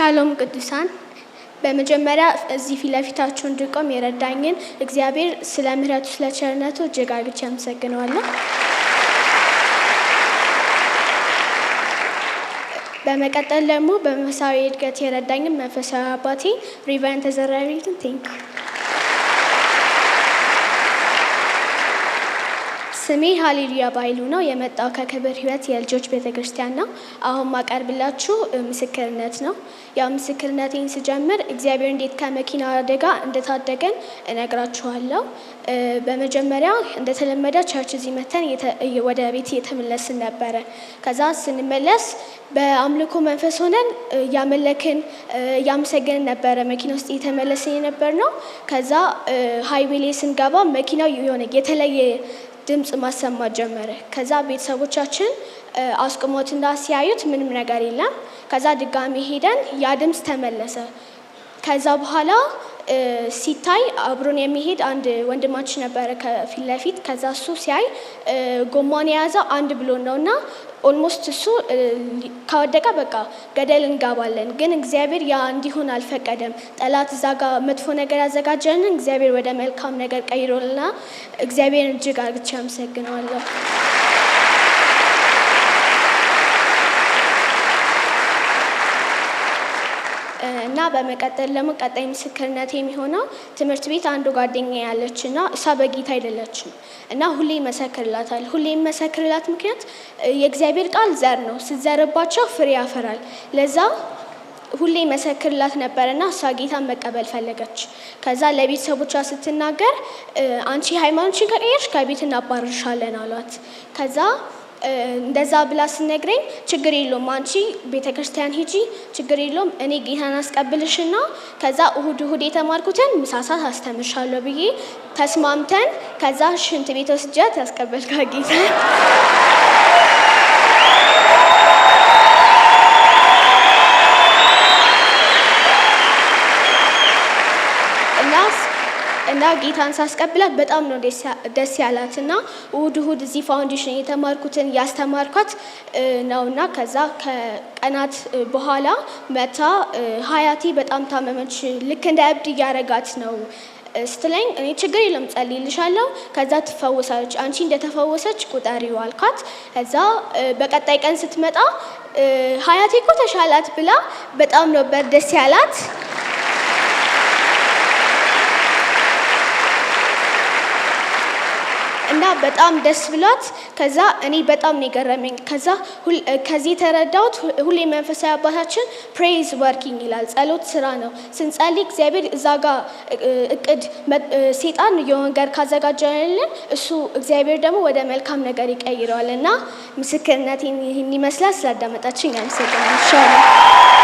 ሻሎም ቅዱሳን በመጀመሪያ እዚህ ፊት ለፊታችሁ እንድቆም የረዳኝን እግዚአብሔር ስለ ምህረቱ ስለ ቸርነቱ እጅግ አግቼ አመሰግነዋለሁ። በመቀጠል ደግሞ በመንፈሳዊ እድገት የረዳኝን መንፈሳዊ አባቴ ሪቫን ተዘራቤትን ቴንክ ስሜ ሀሌሉያ ባይሉ ነው። የመጣው ከክብር ህይወት የልጆች ቤተክርስቲያን ነው። አሁን ማቀርብላችሁ ምስክርነት ነው። ያው ምስክርነቴን ስጀምር እግዚአብሔር እንዴት ከመኪና አደጋ እንደታደገን እነግራችኋለሁ። በመጀመሪያ እንደተለመደ ቸርች እዚህ መተን ወደ ቤት እየተመለስን ነበረ። ከዛ ስንመለስ በአምልኮ መንፈስ ሆነን እያመለክን እያመሰገንን ነበረ መኪና ውስጥ እየተመለስን የነበር ነው። ከዛ ሀይዌ ላይ ስንገባ መኪናው የሆነ የተለየ ድምፅ ማሰማት ጀመረ። ከዛ ቤተሰቦቻችን እንዳ ሲያዩት ምንም ነገር የለም። ከዛ ድጋሚ ሄደን ያ ድምፅ ተመለሰ። ከዛ በኋላ ሲታይ አብሮን የሚሄድ አንድ ወንድማችን ነበረ ከፊት ለፊት። ከዛ እሱ ሲያይ ጎማን የያዘው አንድ ብሎ ነው እና ኦልሞስት እሱ ከወደቀ በቃ ገደል እንጋባለን። ግን እግዚአብሔር ያ እንዲሆን አልፈቀደም። ጠላት እዛ ጋር መጥፎ ነገር ያዘጋጀን እግዚአብሔር ወደ መልካም ነገር ቀይሮልና እግዚአብሔር እጅግ አርግቼ አመሰግነዋለሁ። እና በመቀጠል ደግሞ ቀጣይ ምስክርነት የሚሆነው ትምህርት ቤት አንዱ ጓደኛ ያለች እና እሷ በጌታ አይደለችም እና ሁሌ ይመሰክርላታል። ሁሌ ይመሰክርላት ምክንያት የእግዚአብሔር ቃል ዘር ነው፣ ስዘርባቸው ፍሬ ያፈራል። ለዛ ሁሌ መሰክርላት ነበርና እሷ ጌታን መቀበል ፈለገች። ከዛ ለቤተሰቦቿ ስትናገር አንቺ ሃይማኖት ከቀየርሽ ከቤት እናባርሻለን አሏት። ከዛ እንደዛ ብላ ስነግረኝ ችግር የለውም አንቺ ቤተ ክርስቲያን ሂጂ፣ ችግር የለውም እኔ ጌታን አስቀብልሽና ከዛ እሁድ እሁድ የተማርኩትን ምሳሳት አስተምርሻለሁ ብዬ ተስማምተን ከዛ ሽንት ቤት ወስጃት ያስቀበልካ ጌታ እና ጌታን ሳስቀብላት በጣም ነው ደስ ያላት እና እሁድ እሁድ እዚህ ፋውንዴሽን የተማርኩትን ያስተማርኳት ነው እና ከዛ ከቀናት በኋላ መታ ሀያቴ በጣም ታመመች፣ ልክ እንደ እብድ እያረጋት ነው ስትለኝ እኔ ችግር የለም ጸልይልሻለሁ፣ ከዛ ትፈወሳለች፣ አንቺ እንደተፈወሰች ቁጠሪው አልኳት። ከዛ በቀጣይ ቀን ስትመጣ ሀያቴ ኮ ተሻላት ብላ በጣም ነበር ደስ ያላት። እና በጣም ደስ ብሏት ከዛ እኔ በጣም ነው የገረመኝ። ከዛ ከዚህ የተረዳሁት ሁሌ መንፈሳዊ አባታችን ፕሬይዝ ወርኪንግ ይላል፣ ጸሎት ስራ ነው። ስንጸልይ እግዚአብሔር እዛ ጋር እቅድ ሴጣን የወንገር ካዘጋጀልን እሱ እግዚአብሔር ደግሞ ወደ መልካም ነገር ይቀይረዋል እና ምስክርነት ይህን ይመስላል። ስላዳመጣችኝ ይሻላል